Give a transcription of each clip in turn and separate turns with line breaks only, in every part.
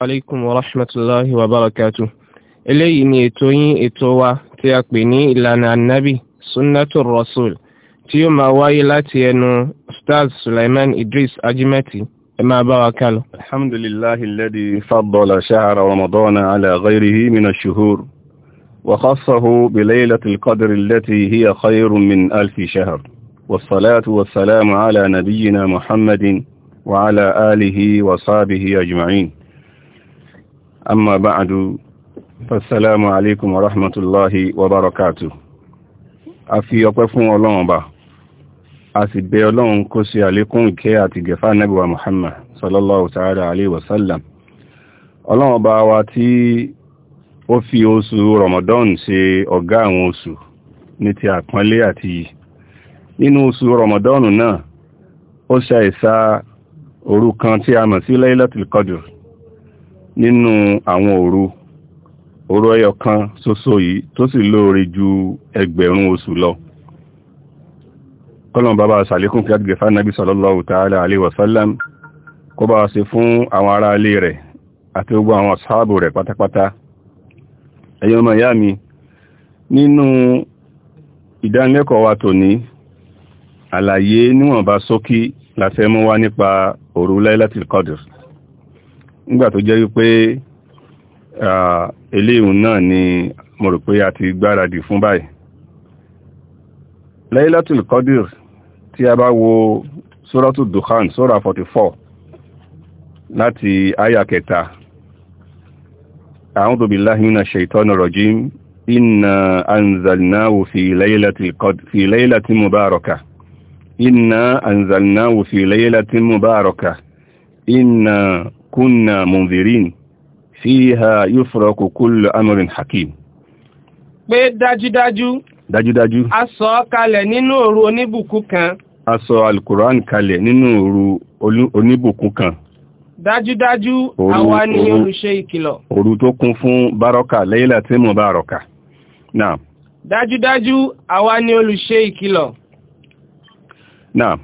alaikum wa rahmatulahi wa barakatu eléyìí ni ètò yín ètò wa tí a pè ní ìlànà anabi sunnatu rasul tí yóò máa wáyé láti ẹnu stars suleiman idris ajimeti ẹ máa bá wa kálọ.
alhamdulilahi alladhi faddala shahra ramadana ala ghayrihi min ash-shuhur wa khassahu bi laylatil qadri allati hiya khayrun min alfi shahr والصلاة والسلام على نبينا محمد وعلى آله وصحبه أجمعين أما بعد فالسلام عليكم ورحمة الله وبركاته a fi ọpẹ́ fún ọlọ́run ọba a sì bẹ ọlọ́run kó ṣe àlékún ìkẹ́ àti gẹ̀fà nẹ́bíwà Muhammad sallallahu ta'ala alaihi wasallam ọlọ́run ọba wa tí ó fi oṣù Ramadan ṣe ọ̀gá àwọn oṣù ní ti àpọ́nlé àti yìí nínú oṣù Ramadan náà ó ṣàìsá òru kan tí a mọ̀ sí Laylatul Qadr nínú àwọn òru òru ẹyọ kan ṣoṣo yìí tó sì lóore ju ẹgbẹ̀rún oṣù lọ kọlọ̀n bàbá sàlékún kí àgbẹ̀fà nàbí sallallahu ta'ala alaihi wasallam kó bá ṣe fún àwọn ará ilé rẹ̀ àti gbogbo àwọn ashabu rẹ̀ pátápátá ẹ̀yin ọmọ ìyá mi nínú ìdánilẹ́kọ̀ọ́ wa tòní àlàyé níwọ̀nba ṣókí la fẹ́ mú wá nípa òru Lailatul Qadr nígbà tó jẹ́ wípé eléhùn náà ni mo rò pé a ti gbáradì fún báyìí Laylatul Qadr tí a bá wo sóràtù Dukhan sóra 44 láti àyà kẹta أعوذ بالله من الشيطان الرجيم إنا أنزلناه في ليلة القدر في ليلة مباركة إنا أنزلناه في kunna munzirin fiha yufraku kullu amrin hakim
pé dájúdájú dájúdájú a sọ kalẹ̀ nínú òru oníbùkún kan
a sọ alukuran kalẹ̀ nínú òru oníbùkún kan
dájúdájú àwa ni olùṣe ìkìlọ̀
òru tó kún fún bárọ́kà lẹ́yìnlá tí mo bárọ́kà náà
dájúdájú àwa ni olùṣe ìkìlọ̀ náà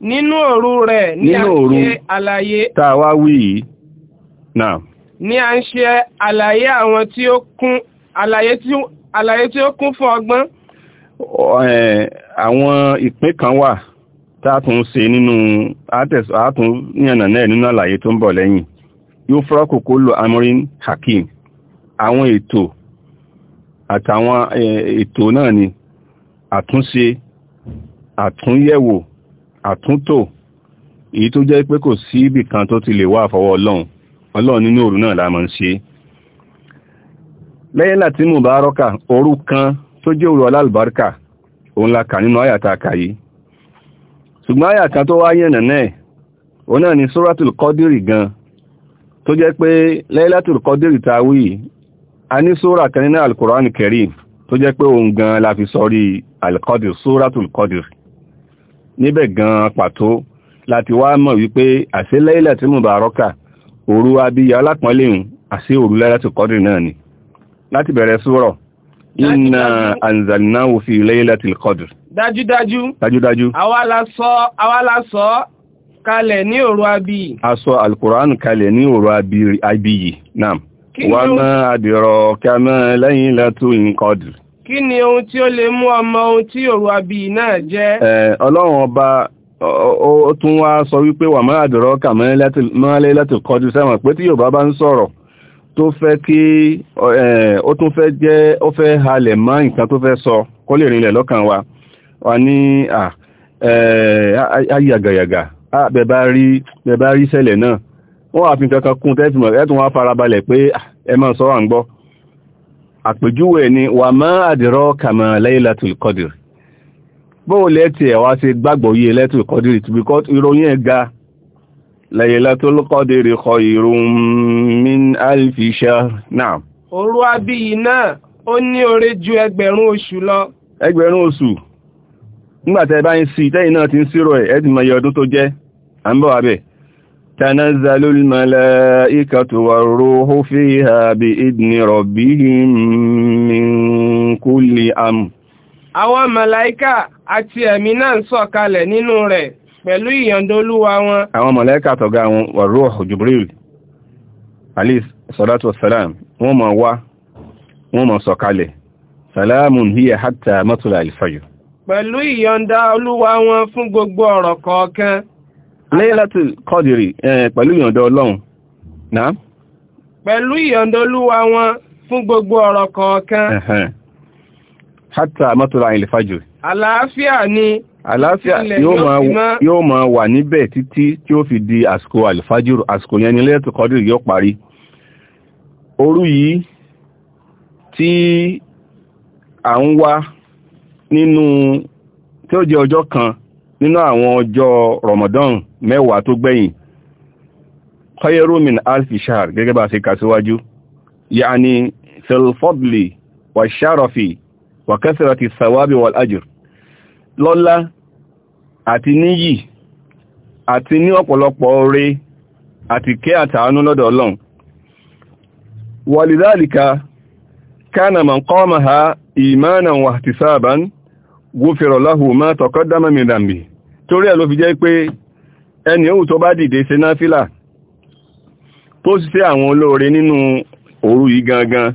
nínú òru rẹ̀ ní àti àlàyé
tá a wá wí ní
à ń ṣe àlàyé àwọn tí ó kún àlàyé tí ó kún fún ọgbọ́n.
àwọn ìpín kan wà tá a tún ṣe nínú àtún yànnà náà nínú àlàyé tó ń bọ̀ lẹ́yìn yóò fọ́rọ́ kòkó lo amorin hakim àwọn ètò àtàwọn ètò náà ni àtúnṣe àtúnyẹ̀wò àtúntò èyí tó jẹ́ pé kò sí ibì kan tó ti lè wá àfọwọ́ ọlọ́run ọlọ́run nínú òru náà la máa ń ṣe lẹ́yìn láti mú bárọ́kà òru kan tó jẹ́ òru alálùbáríkà òun la kà nínú àyàtà àkàyé ṣùgbọ́n àyàtà tó wá yẹ̀nà náà òun náà ni suratul kọ́dírì gan tó jẹ́ pé lẹ́yìn láti kọ́dírì ta wí a ní sóra kan nínú alukùránì kẹrìm tó jẹ́ pé òun gan la fi sọrí alukọ́dírì suratul kọ́dírì níbẹ̀ gan pàtó láti wá mọ̀ wípé àṣẹ lẹ́yìn láti mú bárọ́kà òru abíyà alápọ̀nlé hùn àṣí òru láti kọ́dì náà ni láti bẹ̀rẹ̀ súrọ̀ inna anzalnahu fi laylatil qadr
dájúdájú dájúdájú àwa la sọ kalẹ̀ ní òru abíyì
a sọ alkùránù kalẹ̀ ní òru abíyì náà wà máa àdìrọ̀ kama laylatul qadr
kí ni ohun tí ó lè mú ọmọ ohun tí òru abíyì náà
jẹ́ ọlọ́run ọba ó tún wá sọ wípé wà máa dọ̀rọ̀ kà mọ́lẹ́ láti kọjú sẹ́wọ̀n pé tí Yorùbá bá ń sọ̀rọ̀ tó fẹ́ kí ó tún fẹ́ jẹ́ ó fẹ́ halẹ̀ mọ́ nǹkan tó fẹ́ sọ kó lè rinlẹ̀ lọ́kàn wa wà ní ayàgàyàgà bẹ̀bá rí bẹ̀bá rí ṣẹlẹ̀ náà wọ́n wà fi kankan kún tẹ́fì mọ̀ ẹ́tùn wá farabalẹ̀ pé ẹ máa sọ wà ń gbọ́ àpèjúwe ni wà máa àdìrọ́ kà mọ́lẹ́ láti kọjú bóò lẹ́tì ẹ̀wà ṣe gbàgbọ́ yí ẹlẹ́tì kọdìrì tí bí ìròyìn ẹ̀ ga Laylatul Qadri khayrun min alfi shahr náà.
òru abíyì náà ó ní oore ju ẹgbẹ̀rún
oṣù lọ. ẹgbẹ̀rún oṣù nígbàtẹ́ bá ń sí tẹ́yìn náà tó jẹ́ à ń bọ̀ abẹ́ malaikatu warruhu fiha bi idni rabbihim min kulli amr
àwọn màláíkà àti ẹ̀mí náà ń sọ̀kalẹ̀ nínú rẹ̀ pẹ̀lú ìyọ̀ǹda wọn.
àwọn màláíkà tọ̀gá wọn wà ruh Jibril alayhi salatu wassalam wọ́n máa wá wọ́n máa sọ̀kalẹ̀ salamun hiya hatta matula al-fajr.
pẹ̀lú ìyọ̀ǹda wọn fún gbogbo ọ̀rọ̀ kọ̀ọ̀kan.
Laylatul Qadri pẹ̀lú hátà mọ́tòrò àyìnlẹ̀ fàjò.
àlàáfíà ni. àlàáfíà
yóò máa wà níbẹ̀ títí tí ó fi di àsìkò àlìfàjò àsìkò yẹn ni lẹ́tù kọ́dìrì yóò parí. òru yìí tí à ń wá nínú tí ó jẹ́ ọjọ́ kan nínú àwọn ọjọ́ Ramadan mẹ́wàá tó gbẹ̀yìn kọ́yẹ́rùmín alfishar gẹ́gẹ́ bá a ṣe kà síwájú yaani filfọ́dlì wàṣàròfì wa kasrati thawabi wal ajr lọ́lá àti níyì àti ní ọ̀pọ̀lọpọ̀ oore àti kẹ́ àtàánú lọ́dọ̀ ọlọ́run walidhalika kana man qamaha imanan wa ihtisaban ghufira lahu ma taqaddama min dhanbi torí ẹ̀ ló fi jẹ́ pé ẹni òun tó bá dìde ṣe náfílà tó sì ṣe àwọn olóore nínú òru yìí gangan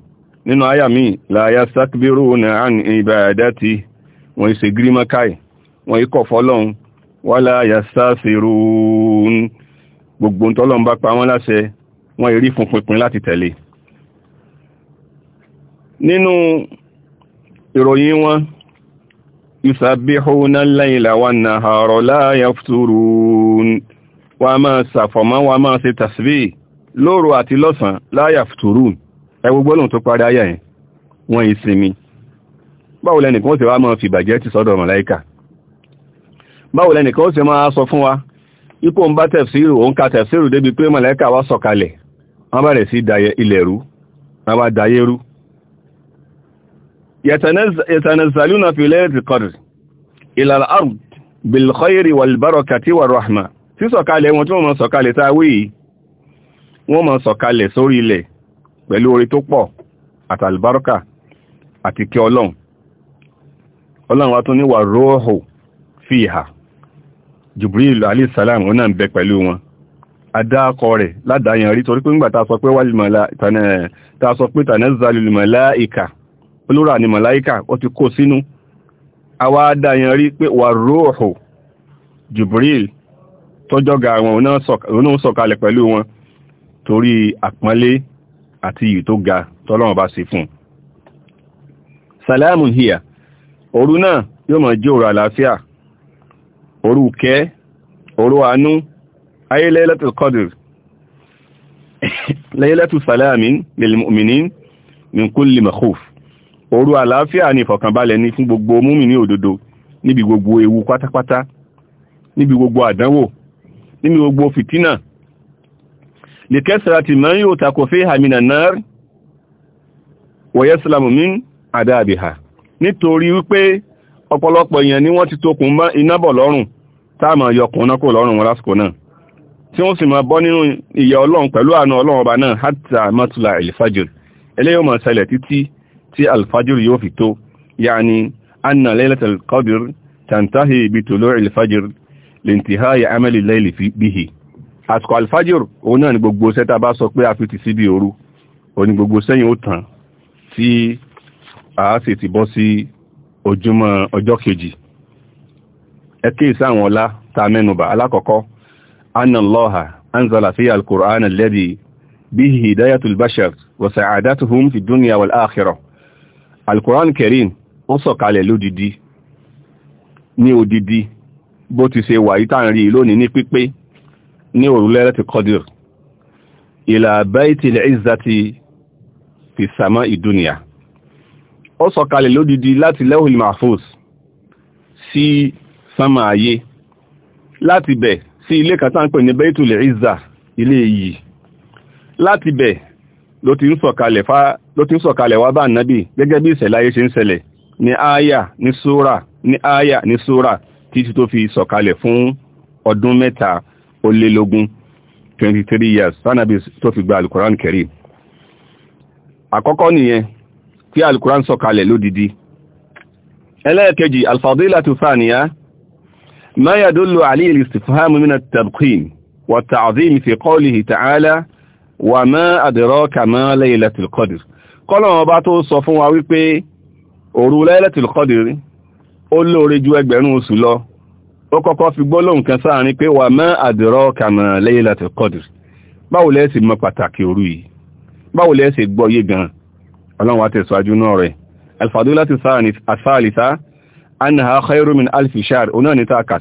nínú àyà mi la yastakbiruna an ibadati wọ́n ṣe gírímọ́káì wọ́n ikọ̀ fọ́lọ́run wala yastasirun gbogbo tọ́lọ́run bá pa wọ́n láṣẹ wọ́n èrí fún pinpin láti tẹ̀lé nínú ìròyìn wọn yusabbihuna al-layla wan-nahara la yafturun wọ́n máa ẹwọ gbọ́lùn tó parí ayà yẹn wọ́n ìsinmi báwo lẹ́nìkan ó sì wá máa fi bàjẹ́ ti sọ́dọ̀ màláíkà báwo lẹ́nìkan ó sì máa sọ fún wa ipò ń bá tẹ̀fsíìrù ó ń ka tẹ̀fsíìrù débi pé màláíkà wá sọ̀kalẹ̀ wọ́n bẹ̀rẹ̀ sí ilẹ̀ rú wọ́n bá dayé rú yẹ̀tẹ̀nẹ̀sàlúnà fi lẹ́ẹ̀tì pẹ̀lú orí tó pọ̀ àtàlùbárọ́kà àti kí ọlọ́run ọlọ́run tún níwà fi ìhà Jibril alayhisalam ó ń bẹ pẹ̀lú wọn adákọ rẹ̀ ládàáyàn rí torí pé ńgbà ta sọ pé wà lìmọ̀lá ta pẹ̀lú wọn torí àpọ́nlé àti iyì tó ga tọ́lọ́wọ́n bá ṣe fún salamun hiya òru náà yóò máa jẹ́ òru àlàáfíà òru kẹ́ òru àánú ayé laylatul qadr laylatu salamin lil mu'minin min kulli makhuf òru àlàáfíà ni ìfọ̀kànbalẹ̀ ní fún gbogbo múmìnì òdodo níbi gbogbo ewu pátápátá níbi gbogbo àdánwò níbi gbogbo fìtínà likẹsirati man yóò takò fi hamina náà wọ̀yẹ́ islamu min adáàbìhà nítorí wípé ọ̀pọ̀lọpọ̀ èèyàn ni wọ́n ti tokùn mọ́ iná bọ̀ lọ́rùn táàmà yọkùn náà kò lọ́rùn wọn lásìkò náà tí wọ́n sì máa bọ́ nínú ìyà ọlọ́run pẹ̀lú àánú ọlọ́run ọba náà hatta matula alfajir eléyìí ó máa títí tí alfajir yóò fi tó yaani anna laylatul qadr tantahi bitulu alfajir lintihai amali layli bihi àsìkò alfajir òun náà ni gbogbo sẹ́ta bá sọ pé a fi ti sí bí òru o ni gbogbo sẹ́yìn ó tàn tí a sì ti bọ́ sí ojúmọ́ ọjọ́ kejì ẹ kíyèsí àwọn ọlá ta mẹ́nubà alákọ̀ọ́kọ́ annalọ́ha anzala fi lẹ́bi bí hidayatul bashar wa sa'adatuhum fi duniya wal akhirah alkùrán kerim ó sọ̀kalẹ̀ lódidi ní odidi bó ti ṣe wà yí tá ń rí lónìí ní pípé ní òrùlẹ́ láti kọdìr ìlà bayti al-izzati fi sàmà ìdúnìyà ó sọ̀kalẹ̀ lódìdí láti lawhil mahfuz sí sánmà ayé láti bẹ̀ sí ilé kan tá ń pè ní baytul izza ilé yìí láti bẹ̀ ló ti ń sọ̀kalẹ̀ wá bá nábì gẹ́gẹ́ bí ìṣẹ̀lẹ̀ ayé ṣe ń ṣẹlẹ̀ ní ááyà ní súrà ní ááyà ní súrà títí tó fi sọ̀kalẹ̀ fún ọdún mẹ́ta ó lé lógún 23 years sanabi tó fi gba alukuran kẹrì àkọ́kọ́ nìyẹn tí alukuran sọ̀kalẹ̀ lódidi ẹlẹ́ẹ̀kejì alfadilatu thaniya ma yadullu alayhi al-istifham min at-tabqin wa at-ta'zim fi qawlihi ta'ala wa ma adraka ma laylatul qadr kọ́lọ̀wọ́n bá tó sọ fún wa wípé òru laylatul qadr ó lóore ju ẹgbẹ̀rún oṣù lọ ó kọ́kọ́ fi gbólóhùn kan sáàrin pé wà mẹ́ àdìrọ́ kàmà Laylatul Qadr báwo lẹ́ẹ̀sì mọ pàtàkì òru yìí báwo lẹ́ẹ̀sì gbọ́ yé gan ọlọ́run àtẹ̀síwájú náà rẹ̀ alfadúlá ti sáàlìsá annaha khairu min alfi onáà níta kà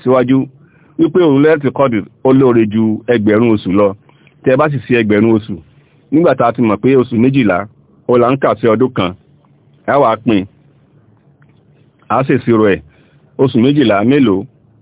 wípé òru Laylatul Qadr ó ju ẹgbẹ̀rún oṣù lọ tẹ́ bá sì sí ẹgbẹ̀rún oṣù nígbà tá a ti mọ̀ pé oṣù méjìlá ó là ń kà sí ọdún kan á wàá pin a sì sírò ẹ̀ oṣù méjìlá mélòó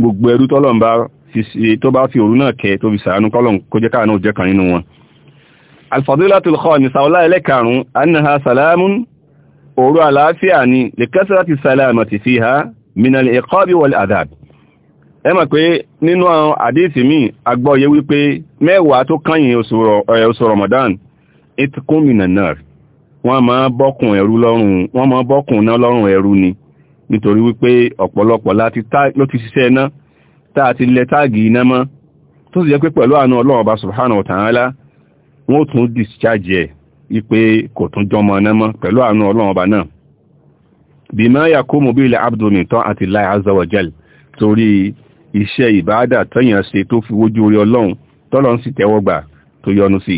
gbogbo ẹrú tọ́lọ́n bá tó bá fi òru náà kẹ tó fi sàánú kọ́lọ̀n kó jẹ́ káà náà jẹ́ kan nínú wọn alfadilatul khamisa ọlá ẹlẹ́karùn-ún annaha salamun òru àlàáfíà ni lè kẹsìlá wọ́n máa bọ́kùn ẹrú lọ́rùn wọ́n ni nítorí wípé ọ̀pọ̀lọpọ̀ láti ló ti ṣiṣẹ́ iná tá a ti lẹ táàgì iná mọ́ tó sì jẹ́ pé pẹ̀lú àánú ọlọ́run ọba subhanahu wa ta'ala wọ́n tún discharge ẹ̀ wípé kò tún jọmọ iná mọ́ pẹ̀lú àánú ọlọ́run ọba náà bima yakumu bil abdu min ta'ati Allahi azza wa jal torí iṣẹ́ ìbáàdà tọ́yàn ṣe tó fi wójú orí ọlọ́run tọ́lọ́run sì tẹ́wọ́ gbà tó yọ́nú sí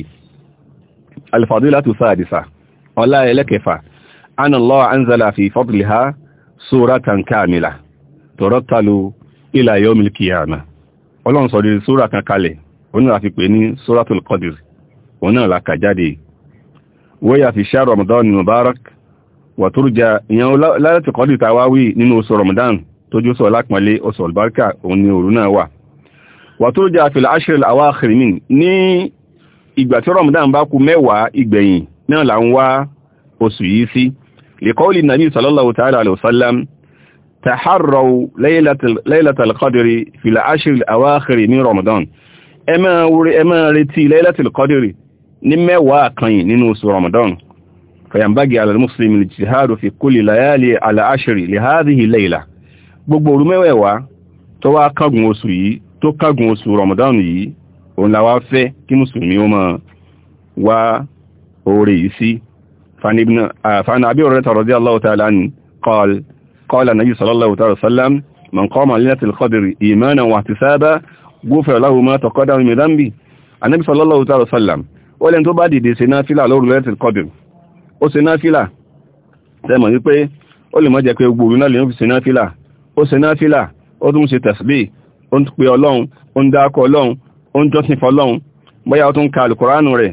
al-fadilatu sadisa ọlá ẹlẹ́kẹfà anàlọ́ anzala fi fadliha suratan kamila tọ̀rọ̀tàlù ila yawmil qiyamah ọlọ́run sọ dídí súra kan kalẹ̀ oníra fi pè ní suratul qadir òun náà la jáde wọ́yà fi ṣá ramadan mubarak wà tó rújà ìyẹn lálẹ́tì kọ́dì tá a nínú oṣù ramadan tójú sọ lápọ̀nlé oṣù albarka òun ni òru náà wà wà tó rújà fil ashril ní ìgbà tí ramadan bá kù mẹ́wàá ìgbẹ̀yìn náà là ń wá oṣù yìí sí لقول النبي صلى الله تعالى عليه وسلم تحروا ليلة, ليلة القدر في العشر الأواخر من رمضان أما أما رتي ليلة القدر نما واقعين ننوس رمضان فينبغي على المسلم الاجتهاد في كل ليالي على عشر لهذه الليلة gbogbo مواء tó wá kágun oṣù yìí tó kágun oṣù Ramadan yìí فعن أبي هريرة رضي الله تعالى عنه قال قال النبي صلى الله عليه وسلم من قام ليلة القدر إيمانا واحتسابا غفر له ما تقدم من ذنبه النبي صلى الله عليه وسلم ó lẹ́n tó bá dìde ṣe náfílà lóru lẹ́tì kọdùn ó ṣe náfílà tẹ́mọ̀ wípé ó lè má jẹ́ pé gbogbo náà lè ń fi ṣe náfílà ó ṣe náfílà ó tún ṣe tẹ̀síbí ó ń pe ọlọ́run ó ń dákọ ọlọ́run ó ń jọ́sìn fọlọ́run bóyá ó tún ka alùkùránù rẹ̀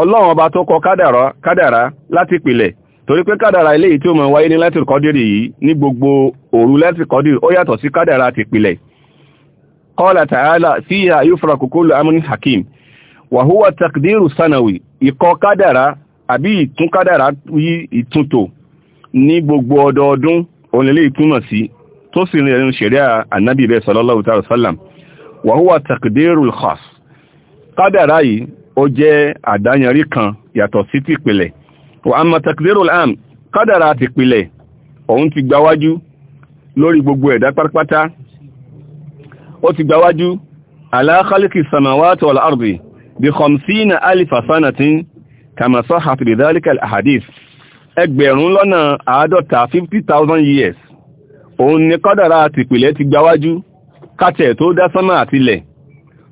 ọlọ́run ọba tó kọ kádàrá láti pìlẹ̀ torí pé kádàrá eléyìí tí ó mọ̀ wáyé ní láti kọ́dìrì yìí ní gbogbo òru láti kọ́dìrì ó yàtọ̀ sí kádàrá ti pìlẹ̀ qala ta'ala fiha yufraku kullu amrin hakim wa huwa takdiru sanawi ìkọ kádàrá àbí ìtún kádàrá yí ìtúntò ní gbogbo ọdọọdún onílé ìtúmọ̀ sí tó sì rìn ẹ̀rin ṣẹ̀ríà ànábì bẹ́ẹ̀ ó jẹ́ àdáyanrí kan yàtọ̀ sí ti ìpìlẹ̀ wa amma takdirul am kádàrà ti ìpìlẹ̀ òun ti gbáwájú lórí gbogbo ẹ̀dá pátápátá ó ti gbáwájú ala khalqi samawati wal ardi bi khamsina alifa sanatin kama sahhat bi dhalika al ahadith ẹgbẹ̀rún lọ́nà àádọ́ta 50,000 years òun ni kádàrà ti ìpìlẹ̀ ti gbáwájú kátẹ̀ tó dá sánmà àtilẹ̀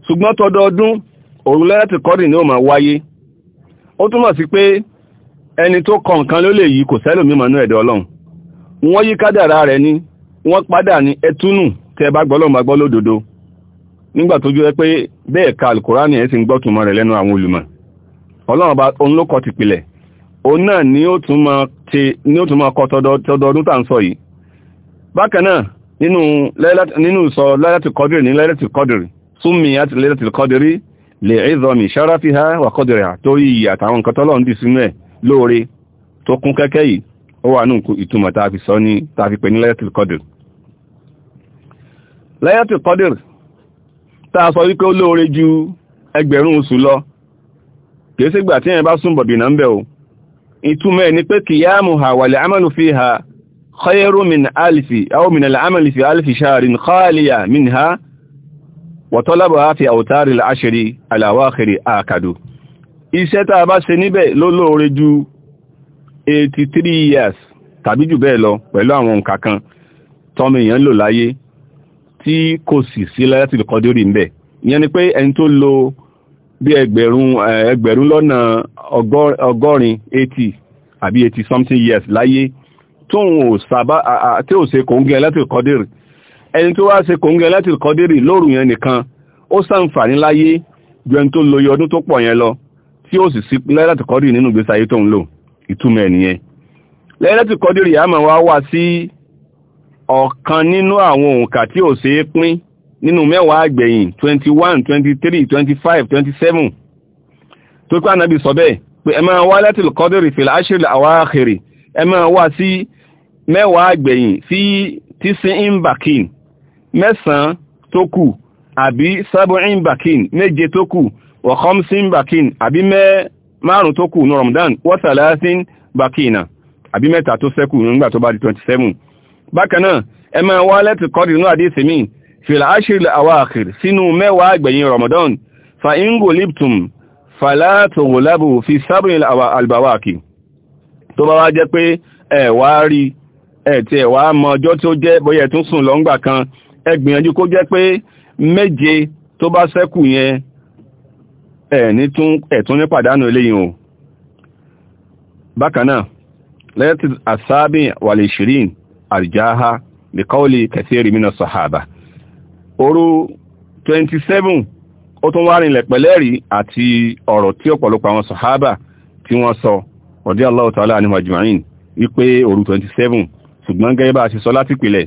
ṣùgbọ́n tọdọọdún òru lẹ́lẹ́tì ni o ma wáyé ó túmọ̀ sí pé ẹni tó kọ nǹkan ló lè yí kò sẹ́lòmí mọ̀nú ẹ̀dọ̀ ọlọ́run wọ́n yí kádàrá rẹ̀ ni wọ́n padà ní ẹtúnù tẹ́ bá gbọ́ lọ́mọ gbọ́ lódodo nígbà tó jẹ́ pé bẹ́ẹ̀ ka alukurani ẹ̀ sì ń gbọ́ túmọ̀ rẹ̀ lẹ́nu àwọn olùmọ̀ ọlọ́run bá òun ló ti tìpìlẹ̀ òun náà ni ó tún kọ lè ẹ́zọ́mì ṣáráfíhá wàkọ́dìrà torí ìyà àtàwọn nǹkan tọ́lọ̀ ń dì sínú ẹ̀ lóore tó kún kẹ́kẹ́ yìí ó wà ní ìtumọ̀ tá a fi sọ ní tá a fi pè ní Laylatul Qadr Laylatul Qadr tá a sọ wípé ó lóore ju ẹgbẹ̀rún oṣù lọ kìí sí gbà tí wọ̀tọ́lábà fi àwòtárì aṣèrè aláwáàkiri àkàdù iṣẹ́ tá a bá ṣe níbẹ̀ ló lóore ju 83 years tàbí jù bẹ́ẹ̀ lọ pẹ̀lú àwọn nǹkan kan tọ́mọ èèyàn lò láyé tí kò sì sí láti lè kọdórí ń bẹ̀ ìyẹn ni pé ẹni tó lo bí ẹgbẹ̀rún ẹgbẹ̀rún lọ́nà ọgọ́rin 80 àbí 80 something years láyé tóun ò sábà tí ò ṣe kò ń gẹ láti lè kọdórí ẹni tó wá ṣe kòńgẹ́ láti kọ́dérì lóru yẹn nìkan ó sàǹfààní láyé ju ẹni tó lo iye ọdún tó pọ̀ yẹn lọ tí ó sì sí láti kọ́dérì nínú ìgbésí ayé tó ń lò ìtumọ̀ ẹ̀ nìyẹn láti kọ́dérì yà máa wá wá sí ọ̀kan nínú àwọn òǹkà tí ò ṣeé pín nínú mẹ́wàá àgbẹ̀yìn 21 23 25 27 tó pé ànábì sọ bẹ́ẹ̀ pé ẹ máa wá láti kọ́dérì fìlà áṣírí àwáhìrì ẹ máa wá sí mẹ́wàá àgbẹ̀yìn sí tísín imbakin mẹ́sàn-án tó kù àbí sábọ̀ín bakin méje tó kù wa bakin àbí márùn tó kù ní Ramadan wa bakina àbí mẹ́ta tó sẹ́kù nígbà tó bá di 27 bákan náà ẹ máa wá lẹ́tì kọ́dì nínú àdísì mi fìlà áṣìrìlẹ̀ àwáàkìrì sínú mẹ́wàá Ramadan fa ingo liptum falatogolabu fi sábìn albawaki tó bá wá jẹ́ pé ẹ̀ wá rí ẹ̀ tí ẹ̀ ọjọ́ tó jẹ́ bóyẹ̀ tún sùn lọ́ngbà kan ẹ gbìyànjú kó jẹ́ pé méje tó bá ṣẹ́kù yẹn ẹ̀ ní tún ẹ̀tún ní pàdánù eléyìn o bákanáà lẹ́tí asábì wàlẹ̀ shirin àrìjáha bíkọ́ọ̀lì kẹsìrì mínà sọ̀hábà òru 27 ó tún wá rìnlẹ̀ pẹ̀lẹ́rì àti ọ̀rọ̀ tí ọ̀pọ̀lọpọ̀ àwọn sọ̀hábà tí wọ́n sọ radiyallahu ta'ala anhu ajma'in wípé òru 27 ṣùgbọ́n gẹ́gẹ́ bá a ṣe sọ láti pìlẹ̀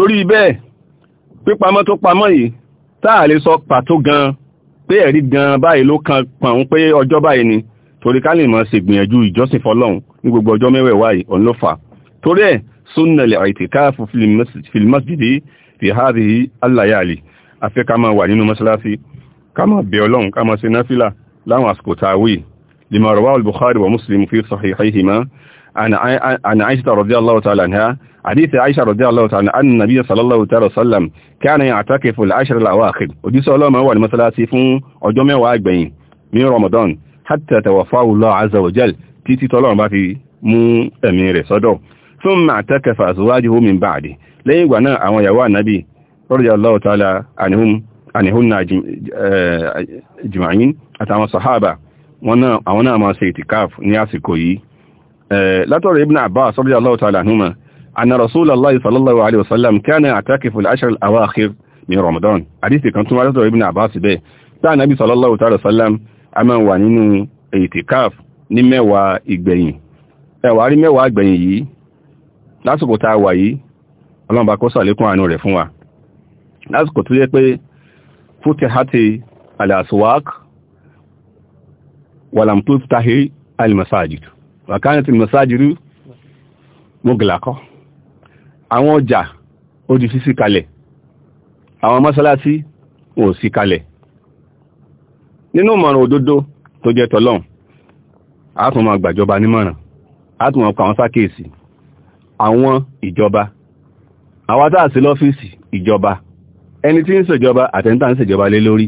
torí bẹ́ẹ̀ pípamọ́ tó pamọ́ yìí táà lè sọ pàtó gan pé ẹ̀rí gan báyìí ló kan pọ̀n pé ọjọ́ báyìí ni torí ká lè mọ̀ ṣègbìyànjú ìjọsìn fọlọ́run ní gbogbo ọjọ́ mẹ́wẹ̀ẹ̀wá yìí òun ló fà torí ẹ̀ sunna lè àìtìkáàfù fìlímọ́sìdì fi háàrí aláyàlì afẹ́ ká máa wà nínú mọ́ṣáláṣí ká máa bẹ ọlọ́run ká máa ṣe náfìlà láwọn àsìkò táwí lè máa rọwá al-Bukhari wa Muslim fi sahihihima عن عائشة رضي الله تعالى عنها حديث عائشة رضي الله تعالى عنها أن النبي صلى الله عليه وسلم كان يعتكف العشر الأواخر ودي سؤال ما هو المثلة سيفون أجمع وأجبين من رمضان حتى توفاه الله عز وجل تيتي طلع ما في مو أمير صدر ثم اعتكف أزواجه من بعده لين وانا أو يوا النبي رضي الله تعالى عنهم عنهن أجمعين أتعمى الصحابة وانا أنا ما سيتكاف نياسكو كوي Eh, látọ̀rọ̀ ibn abbas radiyallahu ta'ala anhuma anna rasulallah sallallahu alaihi wasallam kana atakifu al-ashr al-awakhir min ramadan hadith kan tún wá látọ̀rọ̀ ibn abbas bẹ́ẹ̀ ta nabi sallallahu ta'ala sallam a máa wà nínú itikaf ní mẹ́wàá ìgbẹ̀yìn ẹwà rí mẹ́wàá ìgbẹ̀yìn yìí lásìkò tá a wà yìí ọlọ́run bá kó ṣàlékún àánú rẹ̀ fún wa al-masajid wàkánà ti mọ̀sájúrú mọ́gìlákọ́ àwọn ọjà ó di sísí kalẹ̀ àwọn mọ́sálásí ò sí kalẹ̀ nínú mọ̀ràn òdodo tó jẹ́ tọ́lọ́n àtún máa gbàjọba nímọ̀ràn àtún máa kọ àwọn sákèèsì àwọn ìjọba àwọn tàà sí lọ́fíìsì ìjọba ẹni tí ń ṣèjọba àtẹ́ntà ń ṣèjọba lé lórí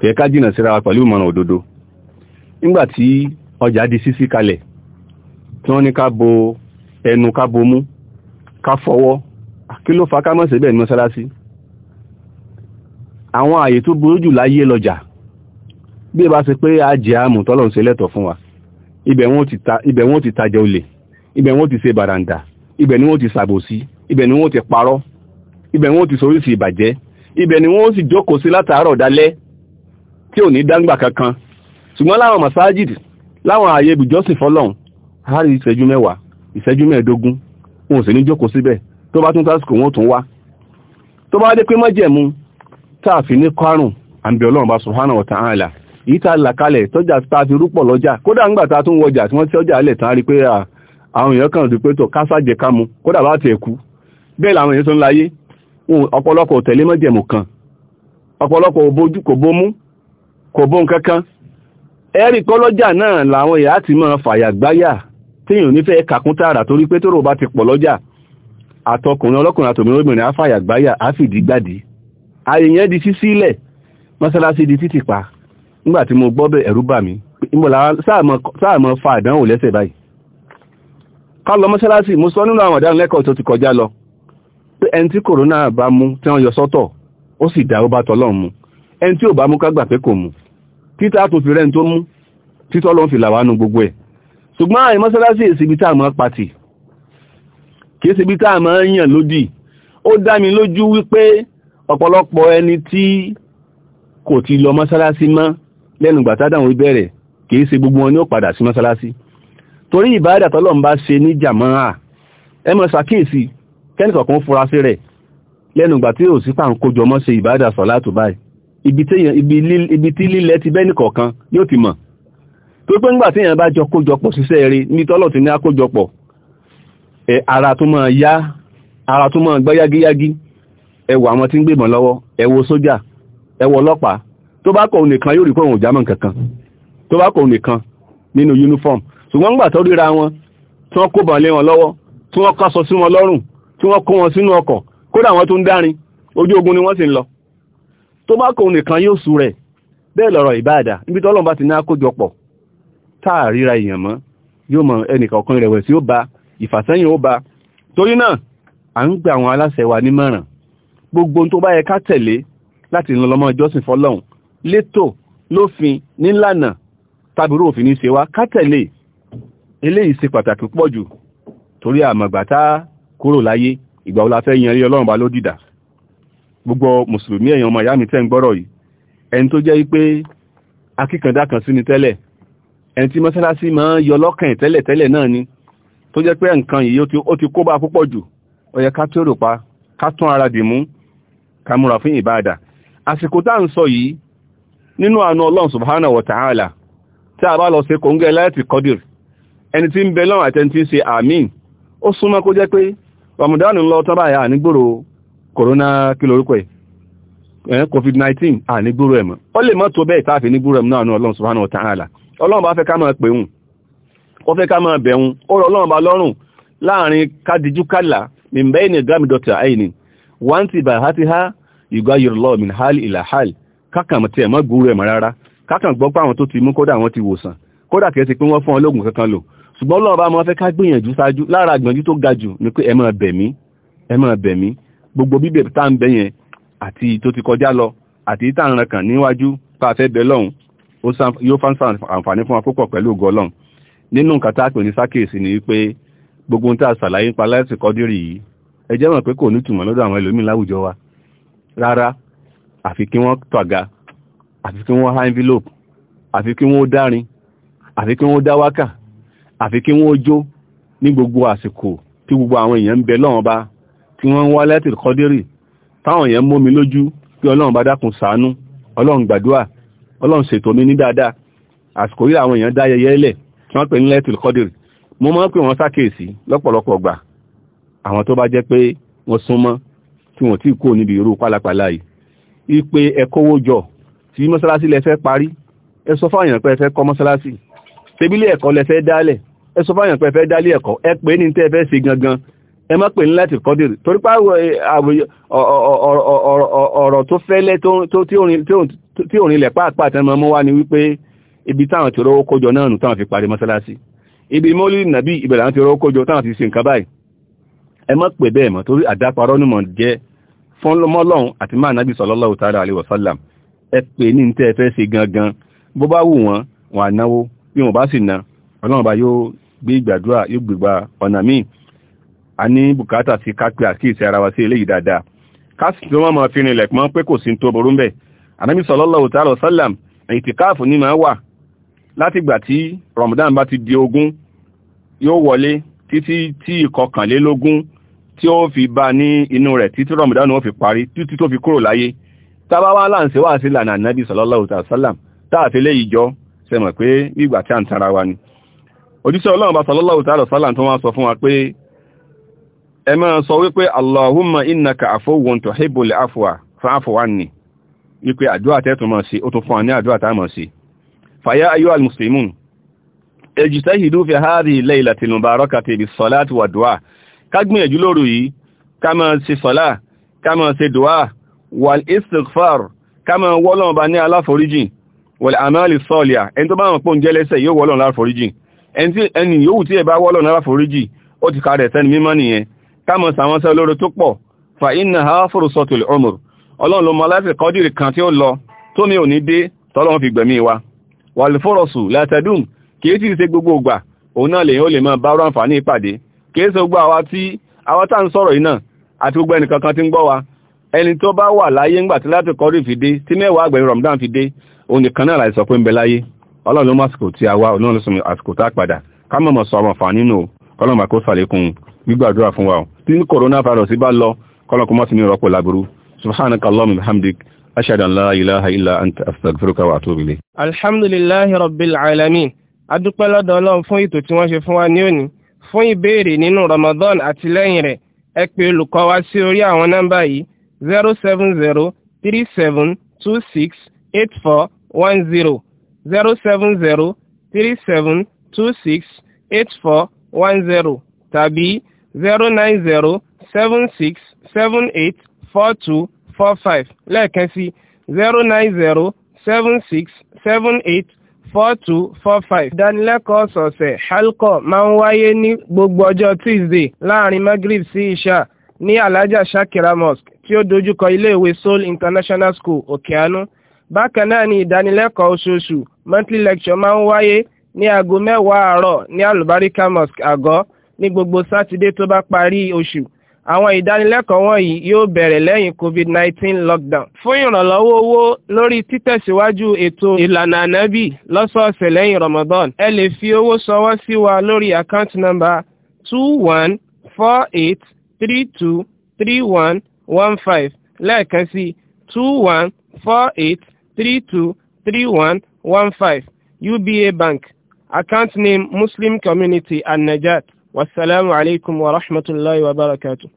kẹ̀ẹ́ká jìnà síra pẹ̀lú ìmọ̀ràn òdodo nígbàtí ọjà di sísí kalẹ̀ tí wọ́n ní ká bo ẹnu ká bo mú ká fọwọ́ kí ló fa ká mọ̀ síbẹ̀ ní mọ́sálásí àwọn àyè tó burú jù láyé lọ́jà bí ẹ bá ṣe pé a jẹ àmù tọ́lọ̀ ń ṣe lẹ́tọ̀ fún wa ibẹ̀ wọ́n ti tajà olè ibẹ̀ wọ́n ti ṣe bàràǹdà ibẹ̀ ni wọ́n ti ṣàbòsí ibẹ̀ ni wọ́n ti parọ́ ibẹ̀ wọ́n ti soríṣi ìbàjẹ́ ibẹ̀ ni wọ́n sì jókòó sí látàárọ̀ dalẹ́ tí ò ní dáńgbà kankan ṣùgbọ́n láwọn masajid láwọn ààyè ibùjọ́sìn fọlọ́hun hárí ìṣẹ́jú mẹ́wàá ìṣẹ́jú mẹ́ẹ̀ẹ́dógún wọn ò sì ní jókòó síbẹ̀ tó bá tún tásìkò wọn ò tún wá tó bá dé pé májẹ̀mú táàfin ní kárùn àǹbẹ̀ ọlọ́run bá subhanahu wa ta'ala èyí tá a là kalẹ̀ tọ́jà tá a fi rúpọ̀ lọ́jà kódà ńgbà tá a tún wọjà tí wọ́n ti ọjà lẹ̀ tán rí pé àwọn èèyàn kan rí pé tó kásàjẹ ká mu kódà bá tiẹ̀ kú bẹ́ẹ̀ làwọn èèyàn tó ń láyé ọ̀pọ̀lọpọ̀ tẹ̀lé májẹ̀mú kan ọ̀pọ̀lọpọ̀ òbojú kò bómú kò bó nǹkan ẹ̀rí kọ́lọ́jà náà làwọn èèyàn á ti máa fàyà gbáyà téèyàn nífẹ́ kàkún tààrà torí pé tóró bá ti pọ̀ lọ́jà àtọkùnrin ọlọ́kùnrin àtòmíràn obìnrin afáyàgbáyà áfìdígbàdì ààyè yẹn di sí sílẹ̀ mọ́sálásí di títì pa nígbà tí mo gbọ́ bẹ̀ ẹ̀rú bà lẹ́sẹ̀ báyìí mọ́sálásí mo sọ àwọn tó ti lọ pé ẹni tí kòrónà bá mú ṣùgbọ́n àyè mọ́sálásí èsìbí tá àmọ́ pàtì kìí ṣe bí tá àmọ́ yàn lódì ó dá mi lójú wípé ọ̀pọ̀lọpọ̀ ẹni tí kò ti lọ mọ́sálásí mọ́ lẹ́nu gbàtádàn orí bẹ̀rẹ̀ kìí ṣe gbogbo wọn ni ó padà sí mọ́sálásí torí ìbáradà tọ́lọ̀ ń bá ṣe ní jàmáà ẹ mọ́ ṣàkíyèsí kẹ́nìkọ̀kan fura sí rẹ̀ lẹ́nu ìgbà tí ò sí pà ń kójọ mọ́ ṣe ìbáradà sọ̀látù báyìí ibi tí lílẹ̀ ti bẹ́nìkọ̀ọ̀kan yóò ti mọ̀ tó ń gbà tí èèyàn bá jọ kójọpọ̀ síṣẹ́ eré ní tọ́lọ̀ ní àkójọpọ̀ ara tó máa yá ara tó máa gbá yágíyágí ẹwọ àwọn tí ń lọ́wọ́ ẹwọ sójà ẹwọ ọlọ́pàá tó bá kọ̀ nìkan yóò rí kankan tó bá kọ̀ nìkan nínú uniform ṣùgbọ́n tó ríra wọn tí wọ́n kó wọn lọ́wọ́ tí wọ́n sí wọn lọ́rùn tí ogun ni wọ́n sì ń lọ tó bá kọ̀ nìkan yóò rẹ̀ bẹ́ẹ̀ lọ̀rọ̀ táàríra èèyàn mọ́ yóò mọ ẹnìkọ̀ọ̀kan ìrẹ̀wẹ̀sì ó ba ìfàsẹ́yìn ó ba torí náà à ń gba àwọn aláṣẹ wa nímọ̀ràn gbogbo tó bá yẹ ká tẹ̀lé láti lọ lọ́mọ ìjọsìn fọlọ́hun létò lófin nílànà tàbírò òfin ní ṣe wá ká tẹ̀lé eléyìí ṣe pàtàkì pọ̀ jù torí àmọ̀gbà tá kúrò láyé ìgbà wo la fẹ́ yan rí ọlọ́run bá ló dìdà gbogbo mùsùlùmí èèyàn ọmọ ìyá mi tẹ́ ń gbọ́rọ̀ yìí ẹni tó jẹ́ wípé akíkandá kan sí ni tẹ́lẹ̀ ẹni tí mọ́sálásí ma ń yọ lọ́kàn tẹ́lẹ̀ náà ni tó jẹ́ pé nǹkan yìí ti kó bá púpọ̀ jù ó pa ká tún ara dì mú ká múra fún ìbáadà àsìkò tá ń sọ yìí nínú àánú ọlọ́run wa ta'ala a bá lọ sí kòńgẹ́ láti kọ́dìr ẹni tí ń bẹ lọ́run àti ẹni tí ń ṣe ó súnmọ́ kó jẹ́ pé ramadan ń lọ tán báyà ànígbòrò corona ẹ̀ covid-19 ànígbòrò ẹ̀mọ́ ó lè mọ́ tó ọlọ́run bá fẹ́ ká máa pèun ó fẹ́ ká máa bẹ̀un ó rọ ọlọ́run bá lọ́rùn láàrin kádìjú kálà mìmbẹ́ ìní gámi dọ́tà àìní wọ́n ti bà á ti há ìgbà yorùlọ́ min hali ìlà hali kákàn tẹ̀ mọ́ gbúrú ẹ̀mọ́ rárá kákàn gbọ́ pàwọn tó ti mú kódà wọn ti wòsàn kódà kìí ti pín wọ́n fún ọlọ́gùn kankan lò ṣùgbọ́n ọlọ́run bá máa fẹ́ ká gbìyànjú ṣáájú lára gbìyànjú tó ga jù ni pé ẹ máa bẹ̀mí ẹ gbogbo bíbẹ̀ tá ń bẹ yẹn àti tó ti kọjá lọ àti tá ń rankan níwájú pàfẹ́ bẹ lọ́hùn yóò fáńsà àǹfààní fún wa púpọ̀ pẹ̀lú ògo Ọlọ́run nínú nǹkan tá a pè ní sákèsí ni wípé gbogbo ohun tá a ṣàlàyé nípa láìsí kọ́dírì yìí ẹ jẹ́ mọ̀ pé kò ní ìtumọ̀ lọ́dọ̀ àwọn ẹlòmíín láwùjọ wa rárá àfi kí wọ́n tọ̀ga àfi kí wọ́n há envelope àfi kí wọ́n dárin àfi kí wọ́n dá wákà àfi kí wọ́n jó ní gbogbo àsìkò tí gbogbo àwọn èèyàn ń bẹ lọ́wọ́n bá tí wọ́n ń wá láìsí kọ́dírì táwọn èèyàn mómi lójú pé Ọlọ́run bá dákun ṣàánú Ọlọ́run gbàdúrà ọlọ́run ṣètò mi ní dáadáa àsìkò yìí àwọn èèyàn dá yẹyẹ lẹ̀ tí wọ́n pè ní lẹ́tùl kọ́dìrì mo máa ń pè wọ́n sákèèsí lọ́pọ̀lọpọ̀ gbà àwọn tó bá jẹ́ pé wọ́n súnmọ́ tí wọ́n ti kú níbi irú pálapàla yìí ipe ẹ̀kọ́wó jọ tí mọ́sálásí lẹ fẹ́ parí ẹ sọ fáwọn pé ẹ fẹ́ kọ́ mọ́sálásí tẹbílẹ̀ ẹ̀kọ́ lẹ fẹ́ dálẹ̀ ẹ sọ fáwọn pé ẹ fẹ́ dálẹ̀ ẹ̀kọ́ ẹ pé ní tẹ́ fẹ́ ṣe gangan ẹ má pè ní láti kọ́dìrì torí pá ọ̀rọ̀ tó fẹ́lẹ́ tí òrin ilẹ̀ pàápàá tẹ́mọ mú wá ní wípé ibi táwọn ti rówó kójọ náà nù táwọn fi parí mọ́sálásí ibi mọ́lì nàbí ìbẹ̀rẹ̀ àwọn ti rówó kójọ táwọn ti ṣe nǹkan báyìí ẹ má pè bẹ́ẹ̀ mọ́ torí àdáparọ́ nímọ̀ jẹ́ fún gangan bó bá wù wọ́n wọn ànáwó bí wọ́n bá sì ná a ní bùkátà sí kápẹ́ àkíyèsí ara wa sí eléyìí dáadáa kásì tí wọ́n máa fi rinlẹ̀ mọ́ pé kò sí tó burú mbẹ̀ anábì sallallahu ta'ala sallam ìtìkáàfù ní máa wà látìgbà tí Ramadan bá ti di ogún yóò wọlé títí tí ìkọkànlélógún tí ó fi bá ní inú rẹ̀ títí Ramadan ó fi parí títí tó fi kúrò láyé tábá wá láǹṣẹ́ wà sí lànà anábì sallallahu ta'ala sallam táàfin lè yíjọ pé ìgbà tí a ń tara wa ni òjíṣẹ́ Ọlọ́run bá sallallahu ta'ala sallam tó wá sọ fún wa pé ẹ máa sọ wípé allahumma innaka afuwun tuhibbul afwa fa'fu anni wípé àdúrà tẹ́tù máa sí ó tún fún wa ní àdúrà táà máa sí fàyà ayọ́ al-muslimun ejìtẹ́hìdú fi háàrí laylatil mubarakati bis salati wà dùá kágbìyànjú lóru yìí ká máa ṣe sọ́lá ká máa ṣe dùá wal istighfar ká máa wọ́lọ́n bá ní aláforíjìn wal amali sọ́ọ̀lìà ẹni tó bá ti kàrẹ̀ sẹ́ni mímọ́ nìyẹn kámọ̀ sàwọn olóró tó pọ̀ fa iná ha fòrò sọ́tòlì ọmọrù ọlọ́run ló mọ aláfẹ́ kọ́dìrì kan tí ó lọ tó mi ò ní dé tọ́lọ́run fi gbẹ̀mí wa wà lè fọ́rọ̀sù látẹ̀dùn kìí sì ṣe gbogbo ògbà òun náà lèyìn ó lè máa bá ráǹfààní ìpàdé kìí ṣe gbogbo àwa tí àwa tá ń wa ẹni tó bá wà láyé ńgbà tí kọ́lọ́mà kó sàlékún gbígbàdúrà fún wa tí ní coronavirus bá lọ kọ́lọ́kọ́ mọ́ sí ní rọ́pò láburú subhanaka allahumma bihamdik ashhadu an la ilaha illa anta astaghfiruka wa atubu ilayk
alhamdulillahi rabbil alamin adúpẹ́ lọ́dọ̀ ọlọ́run fún ètò tí wọ́n ṣe fún wa zero seven zero three seven two six eight four one zero zero seven zero three seven two six eight four one zero tàbí zero nine zero seven six seven eight four two four five lẹ́ẹ̀kan sí zero nine zero seven six seven eight four two four five. ìdánilẹ́kọ̀ọ́ ọ̀sọ̀ọ̀sẹ̀ halkọ́ máa ń wáyé ní gbogbo ọjọ́ tuesday láàrin maghrib sí isha ní alhaja shakira mosque tí ó dojúkọ iléèwé seoul international school òkèánú. bákan náà ni ìdánilẹ́kọ̀ọ́ oṣooṣù monthly lecture máa ń wáyé ní aago mẹ́wàá àárọ̀ ní alubarika mosque àgọ́ ní gbogbo sátidé tó bá parí oṣù àwọn ìdánilẹ́kọ̀ọ́ wọ̀nyí yóò bẹ̀rẹ̀ lẹ́yìn covid-19 lockdown. fún ìrànlọ́wọ́ owó lórí títẹ̀síwájú ètò ìlànà ànábì lọ́sọ̀ọ̀sẹ̀ lẹ́yìn ramadan ẹ lè fi owó ṣọwọ́ sí wa lórí account number two one four eight three two three one one five lẹ́ẹ̀kan sí two one four eight three two three one one five uba bank Account name Muslim Community and Najat. Wassalamu alaykum wa rahmatullahi wa barakatuh.